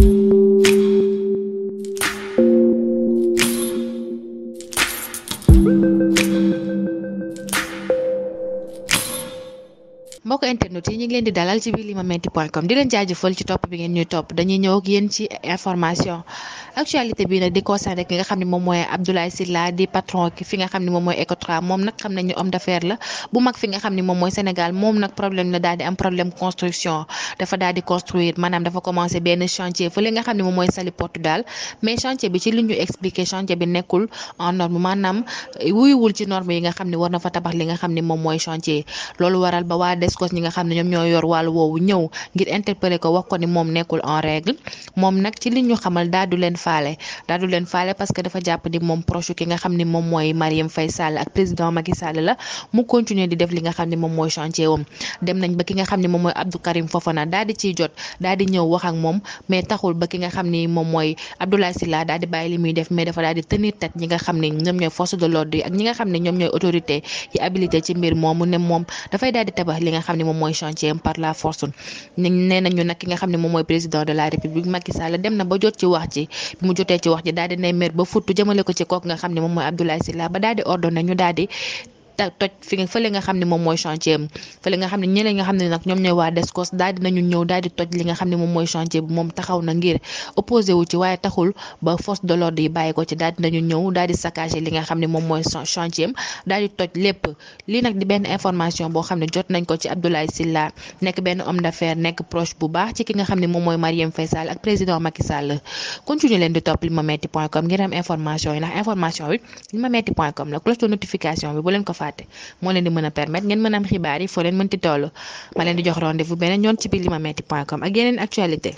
you. mbokk internet yi ñu ngi leen di dalal ci biir limametti.com di leen jaajëfal ci topp bi ngeen ñuy topp dañuy ñëw ak ci information actualité bi nag di concerne rek nga xam ne moom mooy Abdoulaye Sylla di patron ki fi nga xam ne moom mooy Ecotra moom nag xam nañu homme d'affaires la bu mag fi nga xam Sénégal moom nag problème la di am problème construction dafa daal di construire maanaam dafa commencé benn chantier fële nga xam ne moom mooy Saly Portudal mais chantier bi ci li ñu expliqué chantier bi nekkul en norme maanaam wuyuwul ci norme yi nga xam ne war na li nga xam ne moom mooy chantier cos ñi nga xam ne ñoom ñoo yor wàll woowu ñëw ngir interpeller ko wax ko ni moom nekkul en règle moom nag ci li ñu xamal daadu leen leen faale parce que dafa jàpp ni moom proche ki nga xam ni moom mooy Marième Faye Sall ak président Macky la mu continuer di def li nga xam ne moom mooy chantier wam dem nañ ba ki nga moom mooy Abdou Karim jot daal di ñëw wax ba ki nga xam ni moom mooy Abdoulaye Sylla daal di bàyyi li muy def mais dafa daal di tenir tête ñi nga xam ne ñoom ñooy force de l'ordre yi ñi nga xam ne ñoom ñooy autorité yi habilité ci mbir moom dafay xam ne moom mooy chantier par la force nee nañu nag nga xam ne moom mooy président de la république Macky Sall dem na ba jot ci wax ji bi mu jotee ci wax ji daal nay mer ba futtu jëmale ko ci kooku nga xam ne moom mooy Abdoulaye Sylla ba daal di ordonné ñu daal toj fi nga fële nga xam ne moom mooy chantier fële nga xam ne ñeneen di nañu ñëw daal di toj moom taxaw na ngir opposé ci waaye taxul ba force de l'ordre yi bàyyi ko ci daal di nañu ñëw daal di saccagé li nga xam ne moom mooy chantier daal di toj lépp lii nag di benn information boo xam ne jot nañ ko ci Abdoulaye Sylla nekk benn homme d'affaires nekk proche bu baax ci ki nga xam ne moom mooy Marième Faye Sall ak président Macky Sall continue leen di topp limametti point com ngir information yi ndax information fàtte moo leen di mën a permettre ngeen mën am xibaar yi foo leen mënti toll ma leen di jox rendez-vous beneen yoon ci bi limametti point com ak yeneen actualité